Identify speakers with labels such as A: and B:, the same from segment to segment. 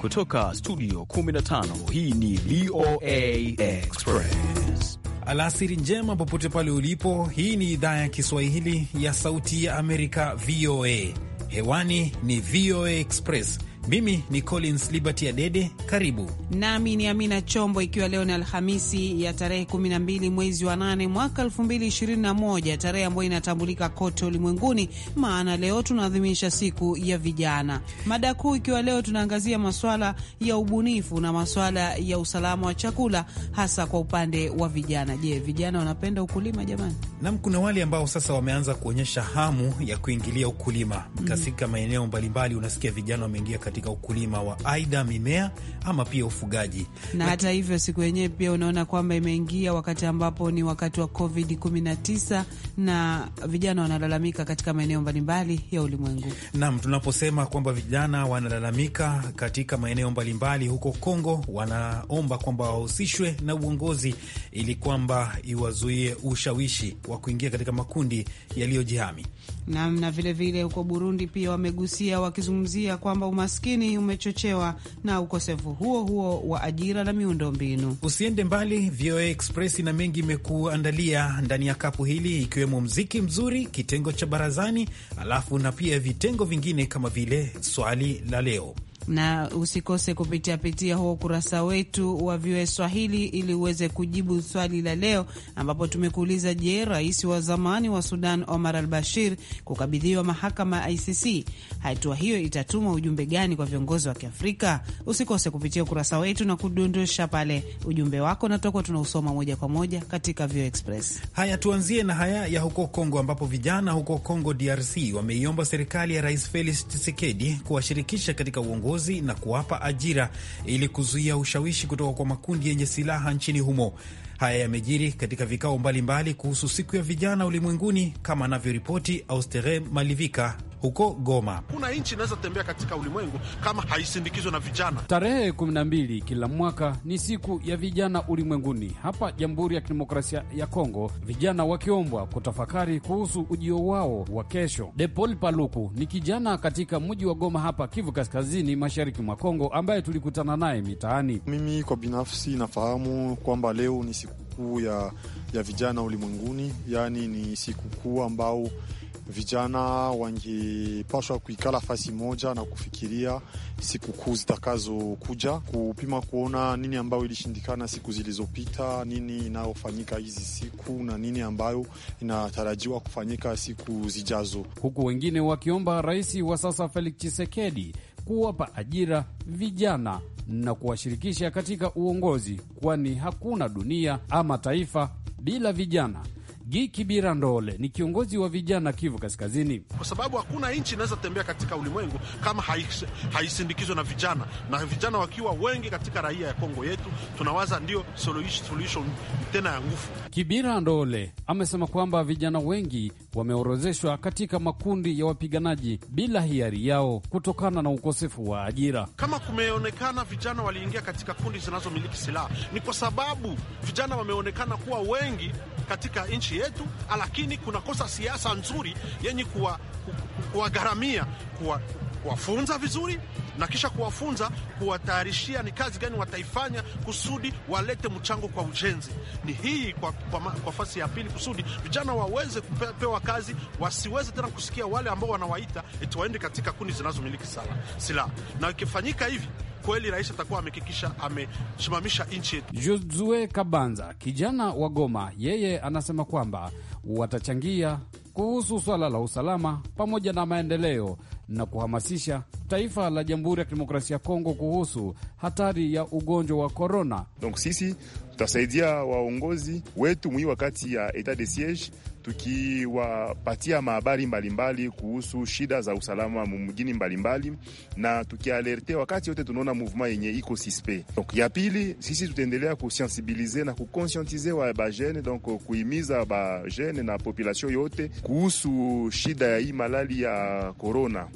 A: Kutoka studio 15 hii ni VOA Express. Alasiri njema popote pale ulipo. Hii ni idhaa ya Kiswahili ya Sauti ya Amerika, VOA. Hewani ni VOA Express. Mimi ni Collins Liberty Adede, karibu
B: nami ni Amina Chombo, ikiwa leo ni Alhamisi ya tarehe 12 mwezi wa 8 mwaka 2021, tarehe ambayo inatambulika kote ulimwenguni, maana leo tunaadhimisha siku ya vijana. Mada kuu ikiwa leo tunaangazia maswala ya ubunifu na maswala ya usalama wa chakula, hasa kwa upande wa vijana. Je, vijana wanapenda ukulima jamani?
A: Nam, kuna wale ambao sasa wameanza kuonyesha hamu ya kuingilia ukulima mm. katika mm, maeneo mbalimbali. Unasikia vijana wameingia katika ukulima wa aidha mimea ama pia ufugaji. Na hata
B: hivyo siku yenyewe pia unaona kwamba imeingia wakati ambapo ni wakati wa COVID 19 na vijana wanalalamika katika maeneo mbalimbali ya ulimwengu.
A: Naam, tunaposema kwamba vijana wanalalamika katika maeneo mbalimbali huko Kongo, wanaomba kwamba wahusishwe na uongozi ili kwamba iwazuie ushawishi wa kuingia katika makundi yaliyojihami.
B: Naam, na vilevile huko Burundi pia wamegusia wakizungumzia kwamba umaskini umaskini umechochewa na ukosefu huo huo wa
A: ajira na mbinu Usiende mbali, VOA Express na mengi imekuandalia ndani ya kapu hili, ikiwemo mziki mzuri, kitengo cha barazani, alafu na pia vitengo vingine kama vile swali la leo
B: na usikose kupitia pitia huo ukurasa wetu wa VOA Swahili ili uweze kujibu swali la leo, ambapo tumekuuliza: Je, rais wa zamani wa Sudan Omar al Bashir kukabidhiwa mahakama ya ICC, hatua hiyo itatuma ujumbe gani kwa viongozi wa Kiafrika? Usikose kupitia ukurasa wetu na kudondosha pale ujumbe wako, na tutakuwa tunausoma moja kwa moja katika VOA Express.
A: Haya, tuanzie na haya ya huko Kongo, ambapo vijana huko Kongo DRC wameiomba serikali ya Rais Felix Tshisekedi kuwashirikisha katika uongozi uongozi na kuwapa ajira ili kuzuia ushawishi kutoka kwa makundi yenye silaha nchini humo. Haya yamejiri katika vikao mbalimbali mbali kuhusu siku ya vijana ulimwenguni, kama
C: anavyoripoti Austere Malivika huko Goma.
D: Kuna nchi inaweza tembea katika ulimwengu kama haisindikizwa na vijana.
C: Tarehe 12 kila mwaka ni siku ya vijana ulimwenguni. Hapa Jamhuri ya Kidemokrasia ya Kongo, vijana wakiombwa kutafakari kuhusu ujio wao wa kesho. Depol Paluku ni kijana katika mji wa Goma hapa Kivu Kaskazini,
D: mashariki mwa Kongo, ambaye tulikutana naye mitaani. Mimi kwa binafsi nafahamu kwamba leo ni sikukuu ya, ya vijana ulimwenguni, yaani ni sikukuu ambao vijana wangepashwa kuikala fasi moja na kufikiria sikukuu zitakazokuja, kupima kuona nini ambayo ilishindikana siku zilizopita, nini inayofanyika hizi siku na nini ambayo inatarajiwa kufanyika siku zijazo,
C: huku wengine wakiomba rais wa sasa Felix Tshisekedi kuwapa ajira vijana na kuwashirikisha katika uongozi, kwani hakuna dunia ama taifa bila vijana. Giki Birandole ni kiongozi wa vijana Kivu Kaskazini.
D: Kwa sababu hakuna nchi inaweza tembea katika ulimwengu kama haisindikizwa na vijana, na vijana wakiwa wengi katika raia ya Kongo yetu, tunawaza ndio solution tena ya
C: nguvu. ndole amesema kwamba vijana wengi wameorozeshwa katika makundi ya wapiganaji bila hiari yao kutokana na ukosefu wa ajira.
D: Kama kumeonekana vijana waliingia katika kundi zinazomiliki silaha, ni kwa sababu vijana wameonekana kuwa wengi katika nchi yetu, lakini kunakosa siasa nzuri yenye kuwagharamia kuwa kuwafunza vizuri na kisha kuwafunza kuwatayarishia ni kazi gani wataifanya kusudi walete mchango kwa ujenzi. Ni hii kwa, kwa, kwa fasi ya pili, kusudi vijana waweze kupewa kazi, wasiweze tena kusikia wale ambao wanawaita eti waende katika kundi zinazomiliki silaha. Na ikifanyika hivi kweli rais atakuwa amekikisha amesimamisha nchi yetu. Jozue
C: Kabanza, kijana wa Goma, yeye anasema kwamba watachangia kuhusu swala la usalama pamoja na maendeleo na kuhamasisha taifa la Jamhuri ya Kidemokrasia ya Kongo kuhusu hatari ya ugonjwa wa korona.
D: Donc sisi tutasaidia waongozi wetu mwii wakati ya etat de siege tukiwapatia mahabari mbalimbali kuhusu shida za usalama mjini mbalimbali, na tukialerte wakati yote tunaona movement yenye iko sispe. Donc ya pili, sisi tutaendelea kusensibilize na kukonsientize wa bajene, donc kuimiza bajene na population yote kuhusu shida ya hii malali ya corona.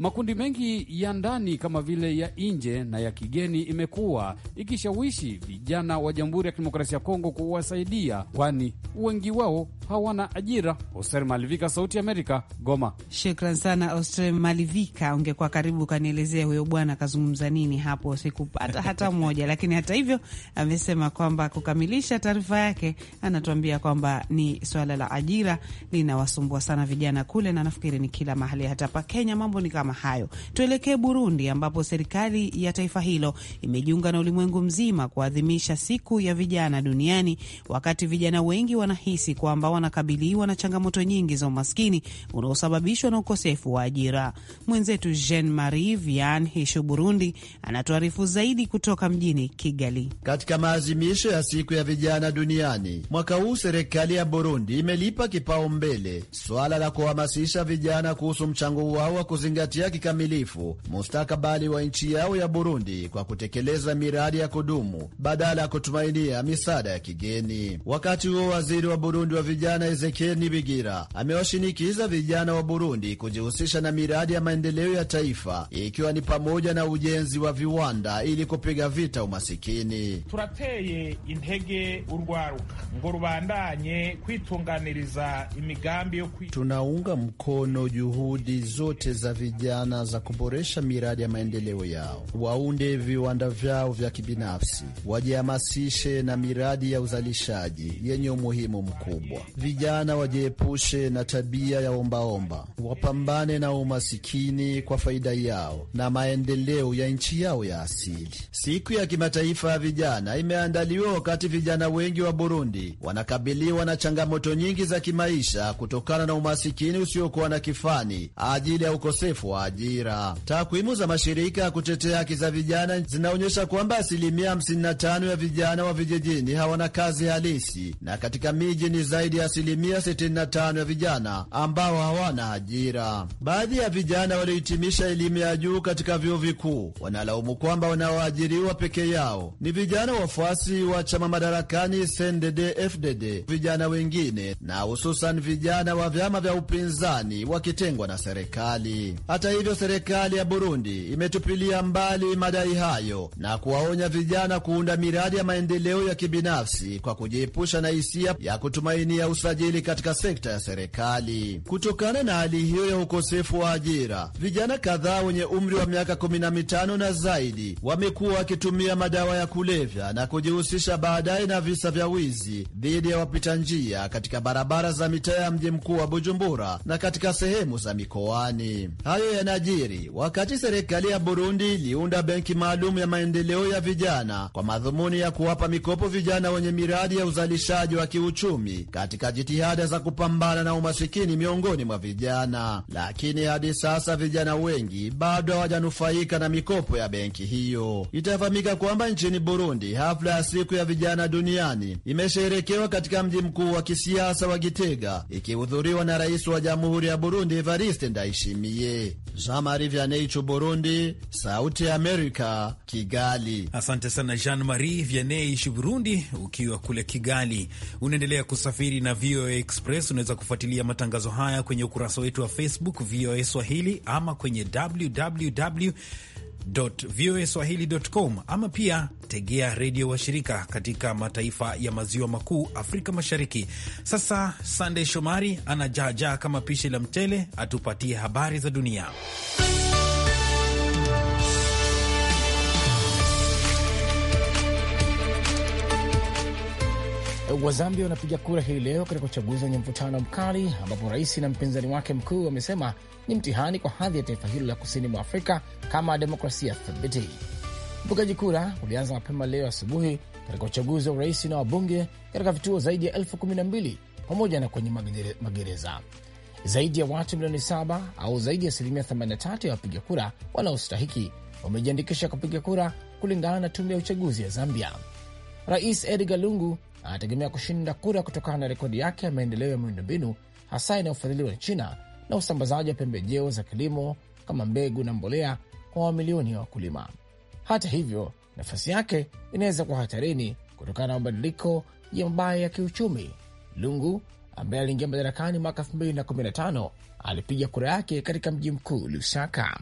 D: Makundi mengi ya ndani kama
C: vile ya nje na ya kigeni imekuwa ikishawishi vijana wa Jamhuri ya Kidemokrasia ya Kongo kuwasaidia, kwani wengi wao hawana ajira. Oster Malivika, Sauti ya Amerika, Goma.
B: Shukran sana Oster Malivika, ungekuwa karibu ukanielezea huyo bwana akazungumza nini hapo, sikupata hata moja. Lakini hata hivyo amesema kwamba kukamilisha taarifa yake, anatuambia kwamba ni swala la ajira linawasumbua sana vijana kule, na nafikiri ni kila mahali, hata pa Kenya mambo ni kama kama hayo. Tuelekee Burundi ambapo serikali ya taifa hilo imejiunga na ulimwengu mzima kuadhimisha siku ya vijana duniani, wakati vijana wengi wanahisi kwamba wanakabiliwa na changamoto nyingi za umaskini unaosababishwa na ukosefu wa ajira. Mwenzetu Jean Marie Vian Hishu
E: Burundi anatuarifu zaidi kutoka mjini Kigali. Katika maazimisho ya siku ya vijana duniani mwaka huu, serikali ya Burundi imelipa kipaumbele swala la kuhamasisha vijana kuhusu mchango wao wa kuzingatia kuzingatia kikamilifu mustakabali wa nchi yao ya Burundi kwa kutekeleza miradi ya kudumu badala ya kutumainia misaada ya kigeni. Wakati huo waziri wa Burundi wa vijana Ezekiel Nibigira amewashinikiza vijana wa Burundi kujihusisha na miradi ya maendeleo ya taifa ikiwa ni pamoja na ujenzi wa viwanda ili kupiga vita umasikini.
D: turateye intege
A: urwaruka ngo rubandanye kwitunganiriza imigambi yo kwi...
E: tunaunga mkono juhudi zote za vijana vijana za kuboresha miradi ya maendeleo yao, waunde viwanda vyao vya kibinafsi, wajihamasishe na miradi ya uzalishaji yenye umuhimu mkubwa. Vijana wajiepushe na tabia ya ombaomba, wapambane na umasikini kwa faida yao na maendeleo ya nchi yao ya asili. Siku ya kimataifa ya vijana imeandaliwa wakati vijana wengi wa Burundi wanakabiliwa na changamoto nyingi za kimaisha kutokana na umasikini usiokuwa na kifani, ajili ya ukosefu kwa ajira. Takwimu za mashirika ya kutetea haki za vijana zinaonyesha kwamba asilimia 55 ya vijana wa vijijini hawana kazi halisi, na katika miji ni zaidi ya asilimia 65 ya vijana ambao hawana ajira. Baadhi ya vijana waliohitimisha elimu ya juu katika vyuo vikuu wanalaumu kwamba wanaoajiriwa peke yao ni vijana wafuasi wa chama madarakani CNDD FDD, vijana wengine na hususan vijana wa vyama vya upinzani wakitengwa na serikali. Hata hivyo, serikali ya Burundi imetupilia mbali madai hayo na kuwaonya vijana kuunda miradi ya maendeleo ya kibinafsi kwa kujiepusha na hisia ya kutumainia usajili katika sekta ya serikali. Kutokana na hali hiyo ya ukosefu wa ajira, vijana kadhaa wenye umri wa miaka 15 na zaidi wamekuwa wakitumia madawa ya kulevya na kujihusisha baadaye na visa vya wizi dhidi ya wapita njia katika barabara za mitaa ya mji mkuu wa Bujumbura na katika sehemu za mikoani. Hayo Hayo yanajiri wakati serikali ya Burundi iliunda benki maalum ya maendeleo ya vijana kwa madhumuni ya kuwapa mikopo vijana wenye miradi ya uzalishaji wa kiuchumi katika jitihada za kupambana na umasikini miongoni mwa vijana. Lakini hadi sasa vijana wengi bado hawajanufaika na mikopo ya benki hiyo. Itafahamika kwamba nchini Burundi hafla ya siku ya vijana duniani imesherekewa katika mji mkuu wa kisiasa wa Gitega ikihudhuriwa na rais wa jamhuri ya Burundi Evariste Ndayishimiye. Jean Marie Vianney Cho, Burundi, Sauti ya Amerika, Kigali.
A: Asante sana Jean Marie Vianney Cho, Burundi, ukiwa kule Kigali. Unaendelea kusafiri na VOA Express. Unaweza kufuatilia matangazo haya kwenye ukurasa wetu wa Facebook VOA Swahili ama kwenye www voaswahili.com ama pia tegea redio washirika katika mataifa ya maziwa makuu Afrika Mashariki. Sasa Sandey Shomari anajaajaa kama pishi la mchele, atupatie habari za dunia.
F: Wazambia wanapiga kura hii leo katika uchaguzi wenye mvutano mkali, ambapo rais na mpinzani wake mkuu wamesema ni mtihani kwa hadhi ya taifa hilo la kusini mwa Afrika kama demokrasia thabiti. Upigaji kura ulianza mapema leo asubuhi katika uchaguzi wa urais na wabunge katika vituo zaidi ya elfu kumi na mbili pamoja na kwenye magereza. Zaidi ya watu milioni saba au zaidi ya asilimia 83 ya wapiga kura wanaostahiki wamejiandikisha kupiga kura kulingana na tume ya uchaguzi ya Zambia. Rais Edgar Lungu anategemea kushinda kura kutokana na rekodi yake ya maendeleo ya miundombinu hasa inayofadhiliwa na China na usambazaji wa pembejeo za kilimo kama mbegu na mbolea kwa mamilioni ya wakulima. Hata hivyo, nafasi yake inaweza kuwa hatarini kutokana na mabadiliko ya mabaya ya kiuchumi. Lungu ambaye aliingia madarakani mwaka 2015 alipiga kura yake katika mji mkuu Lusaka.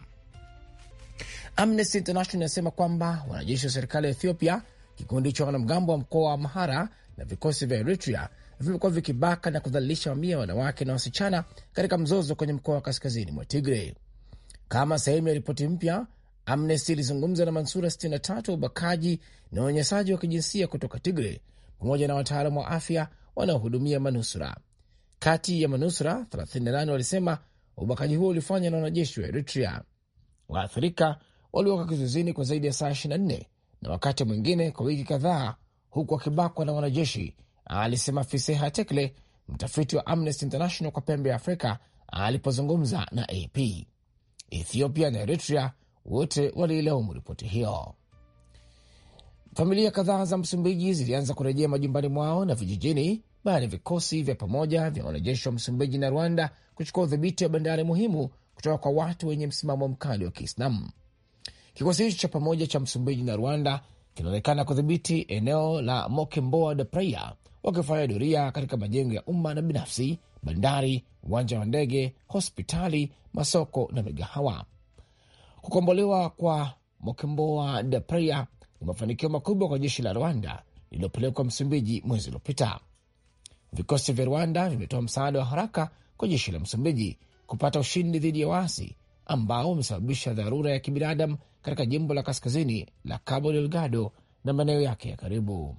F: Amnesty International inasema kwamba wanajeshi wa serikali ya Ethiopia, kikundi cha wanamgambo wa mkoa wa Amhara na vikosi vya Eritrea vimekuwa vikibaka na kudhalilisha mamia ya wanawake na wasichana katika mzozo kwenye mkoa wa kaskazini mwa Tigre. Kama sehemu ya ripoti mpya, Amnesty ilizungumza na mansura 63 ubakaji na unyanyasaji wa kijinsia kutoka Tigre pamoja na wataalam wa afya wanaohudumia manusura. Kati ya manusura 38 walisema ubakaji huo ulifanywa na wanajeshi wa Eritrea. Waathirika waliwekwa kizuizini kwa zaidi ya saa 24 na wakati mwingine kwa wiki kadhaa huku akibakwa na wanajeshi, alisema Fiseha Tekle, mtafiti wa Amnesty International kwa pembe ya Afrika alipozungumza na AP. Ethiopia na Eritrea wote waliilaumu ripoti hiyo. Familia kadhaa za Msumbiji zilianza kurejea majumbani mwao na vijijini baada ya vikosi vya pamoja vya wanajeshi wa Msumbiji na Rwanda kuchukua udhibiti wa bandari muhimu kutoka kwa watu wenye msimamo mkali wa Kiislamu. Kikosi hicho cha pamoja cha Msumbiji na Rwanda kinaonekana kudhibiti eneo la Mokemboa de Praia, wakifanya doria katika majengo ya umma na binafsi, bandari, uwanja wa ndege, hospitali, masoko na migahawa. Kukombolewa kwa Mokemboa de Praia ni mafanikio makubwa kwa jeshi la Rwanda lililopelekwa Msumbiji mwezi uliopita. Vikosi vya Rwanda vimetoa msaada wa haraka kwa jeshi la Msumbiji kupata ushindi dhidi ya waasi ambao wamesababisha dharura ya kibinadamu katika jimbo la kaskazini la Cabo Delgado na maeneo yake ya karibu.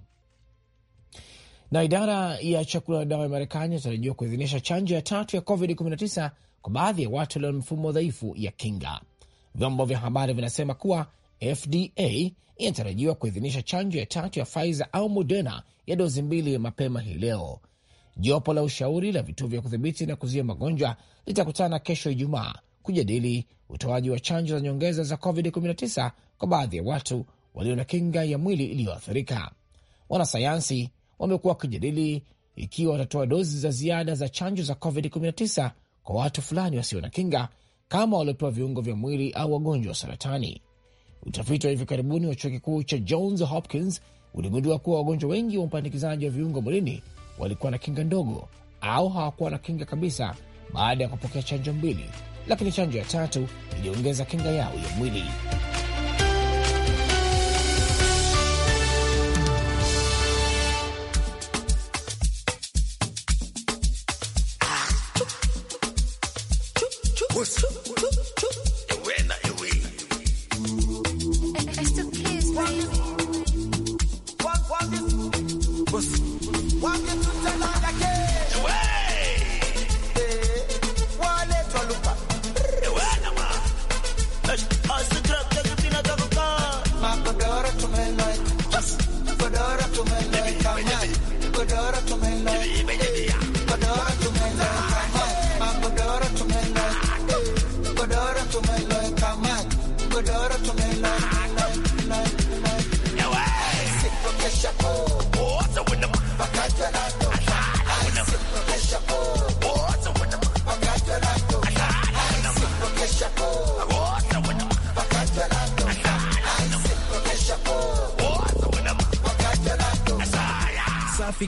F: Na idara ya chakula na dawa ya Marekani inatarajiwa kuidhinisha chanjo ya tatu ya COVID-19 kwa baadhi ya watu walio na mifumo dhaifu ya kinga. Vyombo vya habari vinasema kuwa FDA inatarajiwa kuidhinisha chanjo ya tatu ya Pfizer au Moderna ya dozi mbili mapema hii leo. Jopo la ushauri la vituo vya kudhibiti na kuzuia magonjwa litakutana kesho Ijumaa kujadili utoaji wa chanjo za nyongeza za COVID-19 kwa baadhi ya watu walio na kinga ya mwili iliyoathirika. Wanasayansi wamekuwa wakijadili ikiwa watatoa dozi za ziada za chanjo za COVID-19 kwa watu fulani wasio na kinga kama waliopewa viungo vya mwili au wagonjwa wa saratani. Utafiti wa hivi karibuni wa chuo kikuu cha Johns Hopkins uligundua kuwa wagonjwa wengi wa upandikizaji wa viungo mwilini walikuwa na kinga ndogo au hawakuwa na kinga kabisa baada ya kupokea chanjo mbili lakini chanjo ya tatu iliongeza kinga yao ya mwili.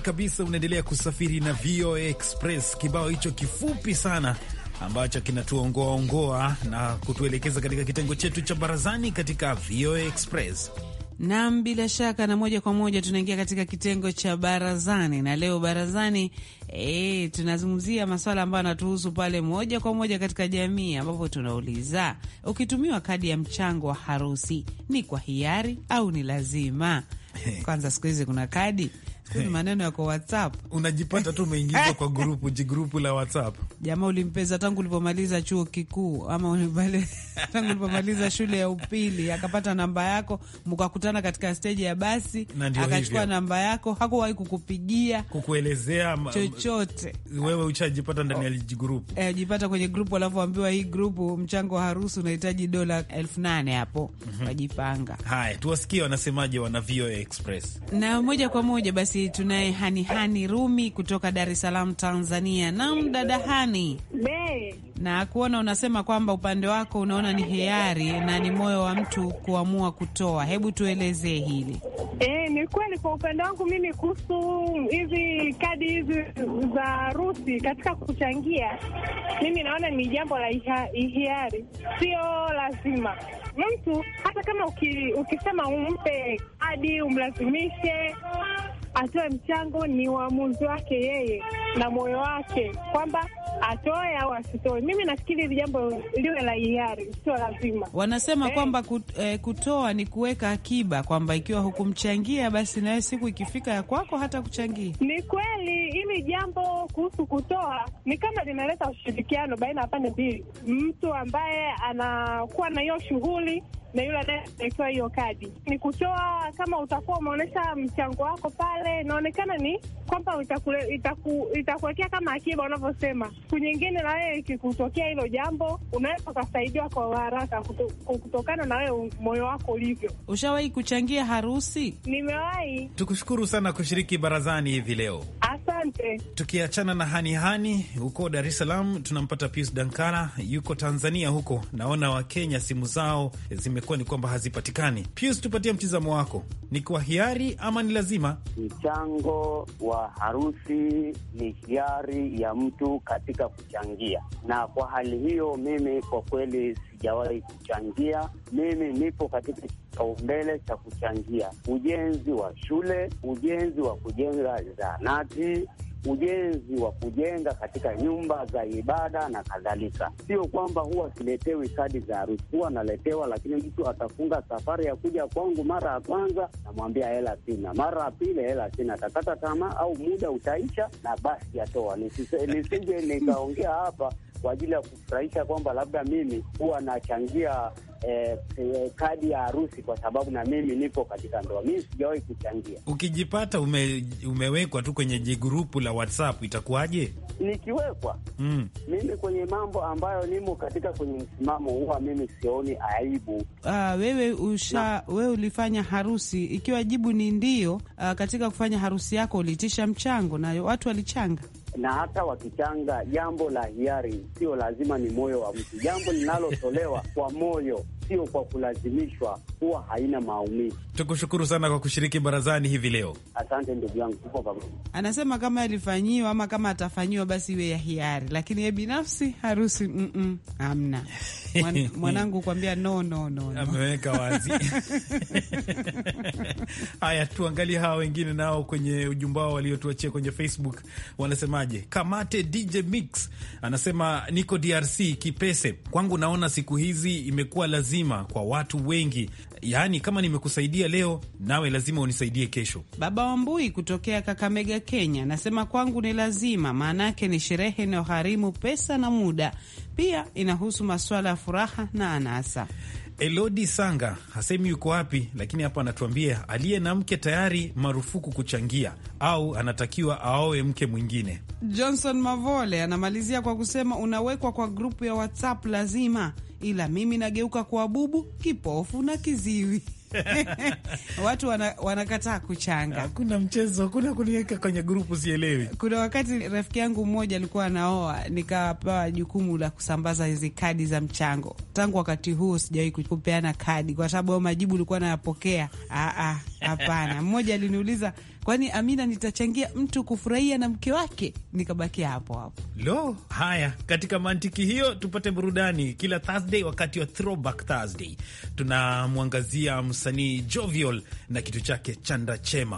A: kabisa, unaendelea kusafiri na VOA Express. Kibao hicho kifupi sana ambacho kinatuongoa ongoa na kutuelekeza katika kitengo chetu cha barazani katika VOA Express.
B: nam bila shaka, na moja kwa moja tunaingia katika kitengo cha barazani, na leo barazani e, tunazungumzia maswala ambayo anatuhusu pale moja kwa moja katika jamii, ambapo tunauliza ukitumiwa kadi ya mchango wa harusi ni kwa hiari au ni lazima? Kwanza siku hizi kuna kadi hey. Maneno ya kwa WhatsApp unajipata tu umeingizwa kwa
A: grupu jigrupu la WhatsApp.
B: Jamaa ulimpeza tangu ulipomaliza chuo kikuu ama tangu ulipomaliza shule ya upili, akapata namba yako, mkakutana katika steji ya basi, akachukua namba yako, hakuwahi kukupigia kukuelezea
A: chochote. Wewe uchajipata ndani ya jigrupu
B: eh, jipata kwenye grupu, alafu ambiwa hii grupu mchango wa harusi unahitaji dola elfu nane hapo, mhm. wajipanga.
A: Haya, tuwasikie wanasemaje wana VOA Express
B: na moja kwa moja basi basi tunaye Hani Hani Rumi kutoka Dar es Salaam, Tanzania. Naam, dada Hani, na kuona unasema kwamba upande wako unaona ni hiari na ni moyo wa mtu kuamua kutoa, hebu tuelezee hili. E, ni kweli kwa upande wangu mimi kuhusu hizi kadi hizi za harusi katika kuchangia, mimi naona ni jambo la hiari, sio lazima mtu, hata kama uki, ukisema umpe kadi umlazimishe atoe mchango, ni uamuzi wake yeye na moyo wake kwamba atoe au asitoe. Mimi nafikiri hili jambo liwe la hiari, sio lazima. Wanasema hey, eh. kwamba eh, kutoa ni kuweka akiba, kwamba ikiwa hukumchangia basi nawe siku ikifika ya kwako hata kuchangia. Ni kweli hili jambo kuhusu kutoa ni kama linaleta ushirikiano baina ya pande mbili, mtu ambaye anakuwa na hiyo shughuli na yule anaye hiyo kadi. Ni kutoa kama utakuwa umeonyesha mchango wako pale, inaonekana ni kwamba itakuwekea kama akiba unavyosema. Siku nyingine na wewe ikikutokea hilo jambo, unaweza ukasaidiwa kwa haraka kutokana na wewe moyo wako ulivyo.
A: Ushawahi kuchangia harusi? Nimewahi. Tukushukuru sana kushiriki barazani hivi leo.
B: Asa Asante.
A: Tukiachana na hanihani huko Dar es Salaam, tunampata Pius Dankara, yuko Tanzania huko. Naona Wakenya simu zao zimekuwa ni kwamba hazipatikani. Pius, tupatie mtizamo wako, ni kwa hiari ama ni lazima?
G: Mchango wa harusi ni hiari ya mtu katika kuchangia, na kwa hali hiyo mimi kwa kweli sijawahi kuchangia mimi nipo katika kipaumbele cha kuchangia ujenzi wa shule, ujenzi wa kujenga zahanati ujenzi wa kujenga katika nyumba za ibada na kadhalika. Sio kwamba huwa siletewi kadi za harusi, huwa naletewa, lakini mtu atafunga safari ya kuja kwangu. Mara ya kwanza namwambia hela sina, mara ya pili hela sina, atakata tamaa au muda utaisha na basi yatoa Nisije nikaongea hapa kwa ajili ya kufurahisha kwamba labda mimi huwa nachangia eh, eh, kadi ya harusi kwa sababu na mimi nipo katika ndoa. Mimi sijawahi kuchangia.
A: Ukijipata ume, umewekwa tu kwenye jigrupu la WhatsApp itakuwaje?
G: Nikiwekwa mm. mimi kwenye mambo ambayo nimo katika kwenye msimamo huwa mimi sioni aibu.
B: Uh, wewe usha na, wewe ulifanya harusi, ikiwa jibu ni ndio, ah, katika kufanya harusi yako uliitisha mchango na watu walichanga
G: na hata wakichanga jambo la hiari, sio lazima ni moyo wa mtu. Jambo linalotolewa kwa moyo, sio kwa kulazimishwa, huwa
A: haina maumivu. Tukushukuru sana kwa kushiriki barazani hivi leo. Asante ndugu yangu, tupo pamoja.
B: Anasema kama alifanyiwa ama kama atafanyiwa basi iwe ya hiari, lakini ye binafsi harusi mm -mm,
A: amna Mwan,
B: mwanangu kuambia no, no,
A: no, no. Ameweka wazi haya. Tuangalie hawa wengine nao kwenye ujumbe wao waliotuachia kwenye Facebook wanasemaje. Kamate DJ Mix anasema niko DRC Kipese, kwangu naona siku hizi imekuwa lazima kwa watu wengi, yaani kama nimekusaidia kusaidia leo, nawe lazima unisaidie kesho.
B: Baba Wambui kutokea Kakamega, Kenya, nasema kwangu ni lazima, maana yake ni sherehe inayogharimu pesa na muda,
A: pia inahusu masuala ya furaha na anasa. Elodi Sanga hasemi yuko wapi, lakini hapa anatuambia aliye na mke tayari marufuku kuchangia, au anatakiwa aoe mke mwingine.
B: Johnson Mavole anamalizia kwa kusema unawekwa kwa grupu ya WhatsApp lazima, ila mimi nageuka kuwa bubu, kipofu na kiziwi. watu wana, wanakataa kuchanga. Hakuna mchezo, hakuna kuniweka kwenye
A: grupu, sielewi.
B: Kuna wakati rafiki yangu mmoja alikuwa anaoa, nikapewa jukumu la kusambaza hizi kadi za mchango. Tangu wakati huo sijawahi kupeana kadi, kwa sababu majibu ulikuwa nayapokea ah, ah. Hapana, mmoja aliniuliza kwani Amina nitachangia mtu kufurahia na mke wake? Nikabakia hapo hapo.
A: Lo, haya, katika mantiki hiyo tupate burudani. Kila Thursday wakati wa Throwback Thursday tunamwangazia msanii Jovial na kitu chake Chanda Chema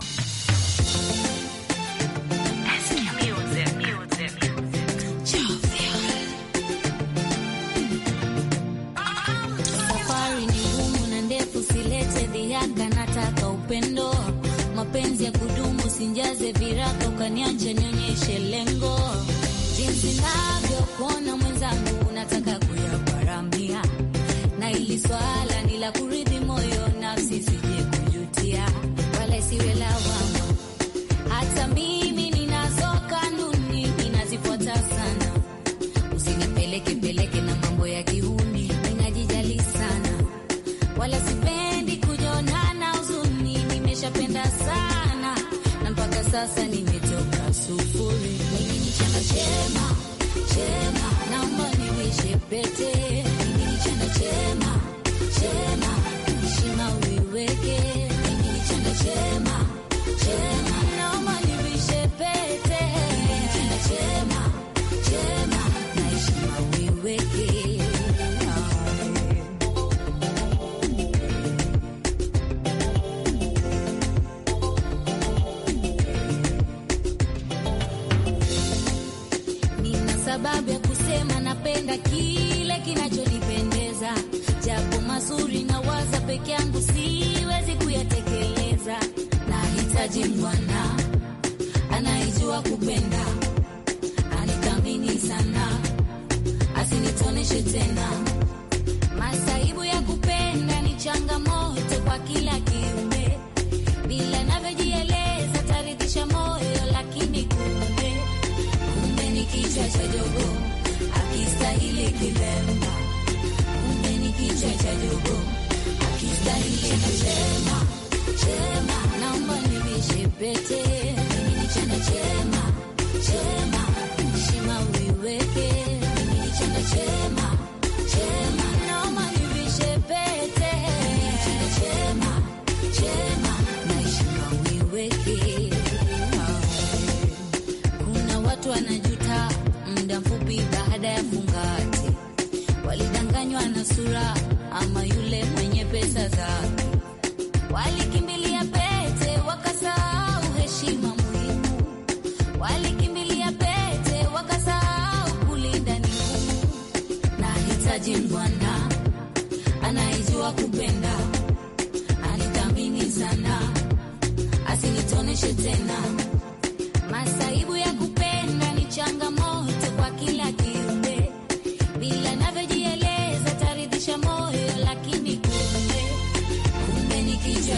H: mapenzi ya kudumu, sinjaze viraka ukaniacha nionyeshe lengo, jinsi navyokuona mwenzangu, unataka kuyaparamia na ili swala Gracias. pete chana chema chema shima uiweke chana chema chema pete chana chema chema na shima uiweke. Kuna watu wanajuta muda mfupi baada ya fungati, walidanganywa na sura ama yule mwenye pesa zake walikimbia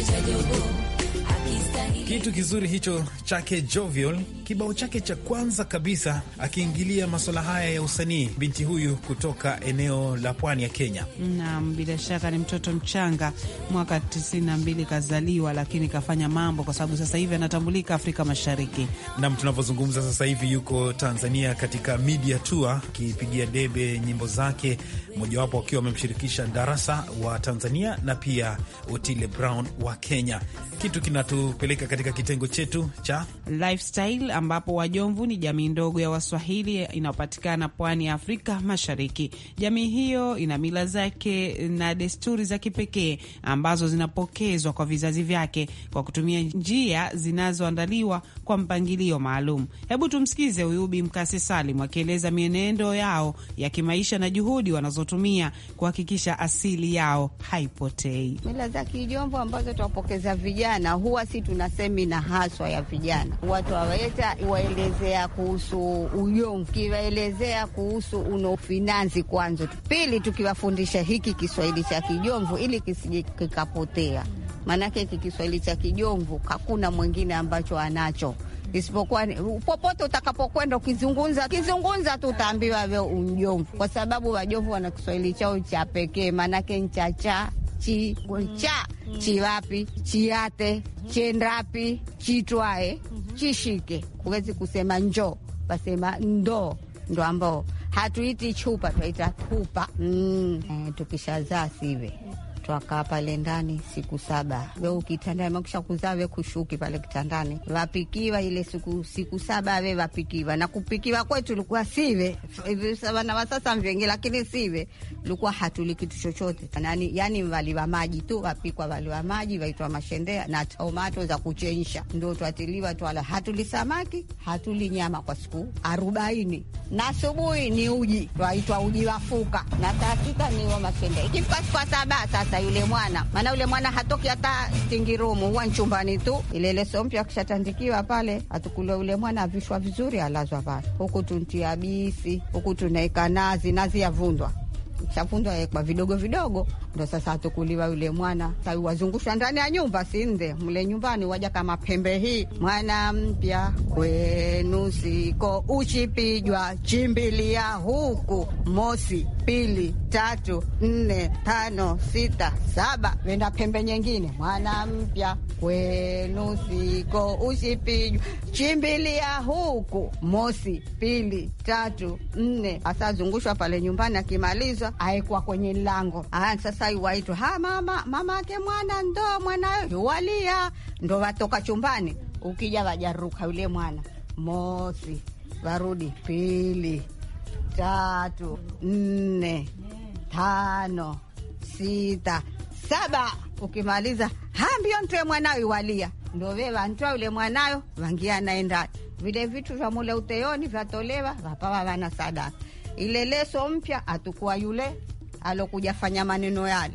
H: tragédia eu vou.
A: Aqui está Kitu kizuri hicho chake Jovial, kibao chake cha kwanza kabisa akiingilia masuala haya ya usanii, binti huyu kutoka eneo la pwani ya Kenya.
B: Naam, bila shaka ni mtoto mchanga, mwaka 92 kazaliwa, lakini kafanya mambo, kwa sababu sasa hivi anatambulika Afrika Mashariki.
A: Naam, tunavyozungumza sasa hivi yuko Tanzania katika media tour, akipigia debe nyimbo zake, mojawapo akiwa amemshirikisha Darasa wa Tanzania na pia Otile Brown wa Kenya. Kitu kinatupeleka katika kitengo chetu cha
B: lifestyle, ambapo Wajomvu ni jamii ndogo ya Waswahili inayopatikana pwani ya Afrika Mashariki. Jamii hiyo ina mila zake na desturi za kipekee ambazo zinapokezwa kwa vizazi vyake kwa kutumia njia zinazoandaliwa kwa mpangilio maalum. Hebu tumsikize Uyubi Mkasi Salim akieleza mienendo yao ya kimaisha na juhudi wanazotumia kuhakikisha asili yao haipotei.
I: Mila za Kijomvu ambazo tuwapokeza vijana huwa si tunasema semina haswa ya vijana, watu waweta waelezea kuhusu unyonge, kiwaelezea kuhusu unofinansi kwanza, pili tukiwafundisha hiki Kiswahili cha kijomvu ili kisije kikapotea, maanake hiki Kiswahili cha kijomvu hakuna mwingine ambacho anacho isipokuwa popote utakapokwenda ukizungumza kizungumza tu utaambiwa we umjomvu, kwa sababu wajomvu wana Kiswahili chao cha pekee, maanake nchacha chi cha mm. chi wapi chiate chendapi chitwae mm-hmm. chishike. Huwezi kusema njo, basema ndo. Ndo ambao hatuiti chupa, twaita kupa. Mm. E, eh, tukishazaa siwe twakaa pale ndani siku saba, we ukitandani makisha kuzaa we kushuki pale kitandani, wapikiwa ile siku siku saba we wapikiwa na kupikiwa kwetu likuwa sive wana eh, wasasa mvengi, lakini sive tulikuwa hatuli kitu chochote nani, yani valiva maji tu wapikwa, valiva maji vaitwa mashendea na tomato za kuchemsha, ndo twatiliwa twala. Hatuli samaki, hatuli nyama kwa siku arobaini, na asubuhi ni uji twaitwa uji wa fuka, na saa sita niwa mashendea. Ikifika siku saba sasa yule mwana maana yule mwana hatoki hata stingirumu, huwa nchumbani tu, ile leso mpya akishatandikiwa pale, atukulia yule mwana avishwa vizuri, alazwa pale, huku tuntia bisi, huku tunaeka nazi, nazi yavundwa shafundwa kwa vidogo vidogo, ndo sasa atukuliwa yule mwana wazungushwa ndani ya nyumba, si nze mle nyumbani, waja kama pembe hii. Mwana mpya kwenu siko, uchipijwa chimbilia huku, mosi, pili, tatu, nne, tano, sita, saba, wenda pembe nyingine. Mwana mpya kwenu siko, uchipijwa chimbilia huku, mosi, pili, tatu, nne, asazungushwa pale nyumbani, akimalizwa aekwa kwenye lango. Aya, ah, sasa iwaitwa ha, mama mama ake mwana ndo mwanayo yuwalia, ndo watoka chumbani. Ukija wajaruka yule mwana, mosi, warudi pili, tatu, nne, tano, sita, saba. Ukimaliza hambio ntwe mwanayo iwalia ndo vantwa ule mwanayo vangia naenda vile vitu vya mule uteyoni vyatolewa vapawa vana sadaka. Ile leso mpya atukua yule alokuja fanya maneno yale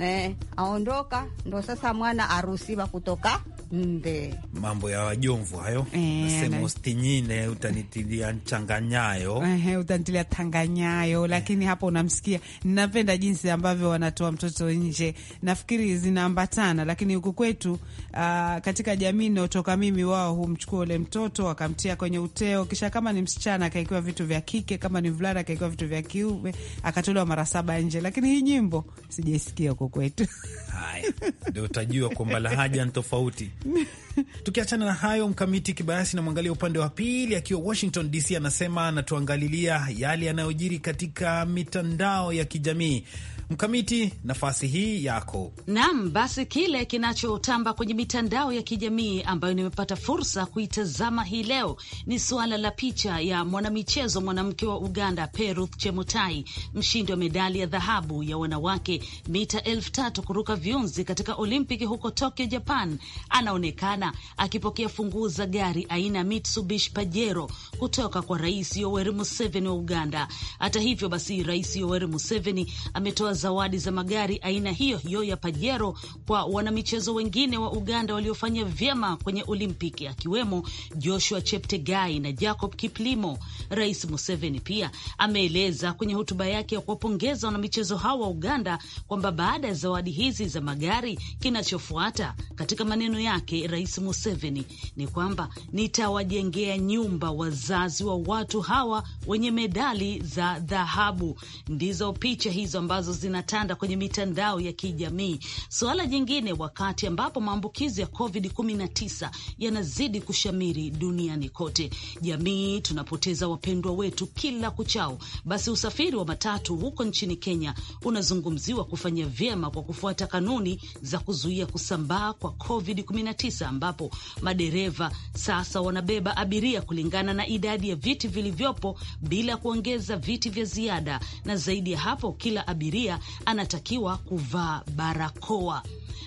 I: eh, aondoka ndo sasa mwana arusiwa kutoka nde
A: Mambo ya wajomvu hayo eh, nasema ustinyine utanitilia nchanganyayo uh,
B: utanitilia tanganyayo. Eh. Lakini hapo unamsikia, napenda jinsi ambavyo wanatoa mtoto nje. Nafikiri zinaambatana, lakini huku kwetu uh, katika jamii inayotoka mimi, wao humchukua ule mtoto wakamtia kwenye uteo, kisha kama ni msichana akaekiwa vitu vya kike, kama ni mvulana akaekiwa vitu vya kiume, akatolewa mara saba nje. Lakini hii nyimbo sijaisikia huku kwetu. Haya
E: ndio
A: utajua kwamba lahaja ni tofauti. Tukiachana na hayo, mkamiti kibayasi namwangalia upande wa pili akiwa Washington DC, anasema anatuangalilia yale yanayojiri katika mitandao ya kijamii. Mkamiti, nafasi hii yako.
J: Naam, basi kile kinachotamba kwenye mitandao ya kijamii ambayo nimepata fursa kuitazama hii leo ni suala la picha ya mwanamichezo mwanamke wa Uganda Peruth Chemutai, mshindi wa medali ya dhahabu ya wanawake mita elfu tatu kuruka viunzi katika Olimpiki huko Tokyo, Japan, anaonekana akipokea funguo za gari aina ya Mitsubishi Pajero kutoka kwa Rais Yoweri Museveni wa Uganda. Hata hivyo basi, Rais Yoweri Museveni ametoa zawadi za magari aina hiyo hiyo ya Pajero kwa wanamichezo wengine wa Uganda waliofanya vyema kwenye Olimpiki, akiwemo Joshua Cheptegai na Jacob Kiplimo. Rais Museveni pia ameeleza kwenye hotuba yake ya kuwapongeza wanamichezo hao wa Uganda kwamba baada ya zawadi hizi za magari, kinachofuata katika maneno yake Rais Museveni ni kwamba nitawajengea nyumba wazazi wa watu hawa wenye medali za dhahabu. Ndizo picha hizo ambazo zinatanda kwenye mitandao ya kijamii. Suala jingine, wakati ambapo maambukizi ya COVID-19 yanazidi kushamiri duniani kote, jamii tunapoteza wapendwa wetu kila kuchao, basi usafiri wa matatu huko nchini Kenya unazungumziwa kufanya vyema kwa kufuata kanuni za kuzuia kusambaa kwa COVID-19 ambapo madereva sasa wanabeba abiria kulingana na idadi ya viti vilivyopo bila kuongeza viti vya ziada, na zaidi ya hapo, kila abiria anatakiwa kuvaa barakoa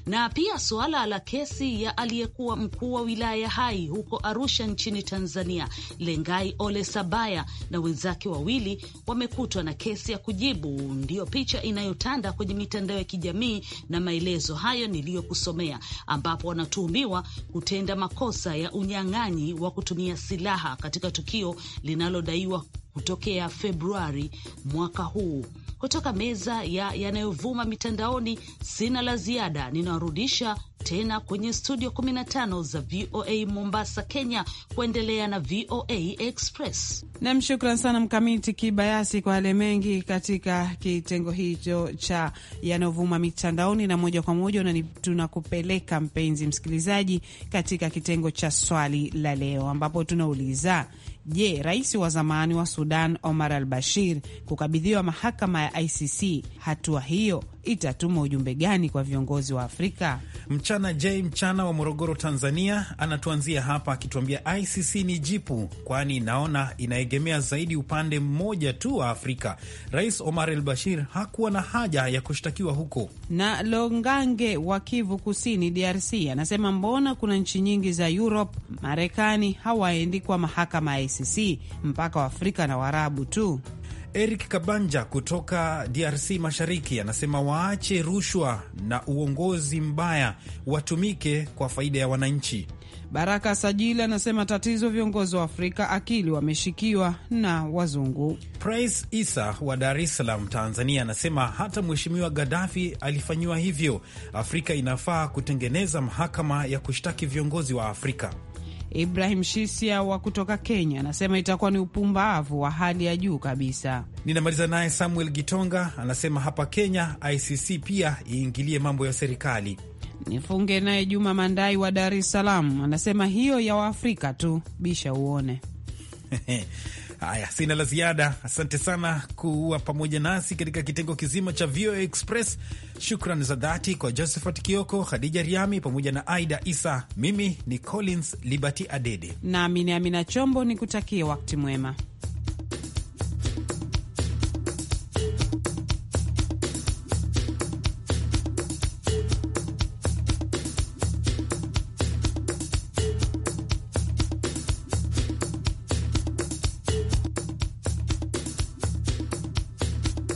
J: na pia suala la kesi ya aliyekuwa mkuu wa wilaya ya Hai huko Arusha nchini Tanzania, Lengai Ole Sabaya na wenzake wawili wamekutwa na kesi ya kujibu. Ndiyo picha inayotanda kwenye mitandao ya kijamii na maelezo hayo niliyokusomea, ambapo wanatuhumiwa kutenda makosa ya unyang'anyi wa kutumia silaha katika tukio linalodaiwa kutokea Februari mwaka huu kutoka meza ya yanayovuma mitandaoni. Sina la ziada, ninawarudisha tena kwenye studio 15 za VOA Mombasa, Kenya, kuendelea na VOA Express.
B: Nam, shukran sana Mkamiti Kibayasi kwa yale mengi katika kitengo hicho cha yanayovuma mitandaoni, na moja kwa moja tunakupeleka mpenzi msikilizaji, katika kitengo cha swali la leo, ambapo tunauliza Je, rais wa zamani wa Sudan Omar al Bashir kukabidhiwa mahakama
A: ya ICC, hatua hiyo itatuma ujumbe gani kwa viongozi wa Afrika? Mchana J Mchana wa Morogoro, Tanzania, anatuanzia hapa akituambia ICC ni jipu, kwani naona inaegemea zaidi upande mmoja tu wa Afrika. Rais Omar El Bashir hakuwa na haja ya kushtakiwa huko.
B: Na Longange wa Kivu Kusini, DRC, anasema mbona kuna nchi nyingi za Europe, Marekani hawaendi kwa
A: mahakama ya ICC, mpaka Waafrika na Waarabu tu. Eric Kabanja kutoka DRC Mashariki anasema waache rushwa na uongozi mbaya, watumike kwa faida ya wananchi. Baraka Sajili anasema tatizo viongozi
B: wa Afrika akili wameshikiwa
A: na wazungu. Praise Isa wa Dar es Salaam, Tanzania anasema hata Mheshimiwa Gaddafi alifanyiwa hivyo. Afrika inafaa kutengeneza mahakama ya kushtaki viongozi wa Afrika. Ibrahim Shisia wa
B: kutoka Kenya anasema itakuwa ni upumbavu wa hali ya juu kabisa.
A: Ninamaliza naye Samuel Gitonga anasema hapa Kenya ICC pia iingilie mambo ya serikali.
B: Nifunge naye Juma Mandai wa Dar es Salaam anasema hiyo ya Waafrika tu, bisha uone
A: Haya, sina la ziada. Asante sana kuwa pamoja nasi katika kitengo kizima cha VOA Express. Shukrani za dhati kwa Josephat Kioko, Khadija Riami pamoja na Aida Isa. Mimi ni Collins Liberty Adede
B: nami ni Amina Chombo, nikutakie wakati mwema.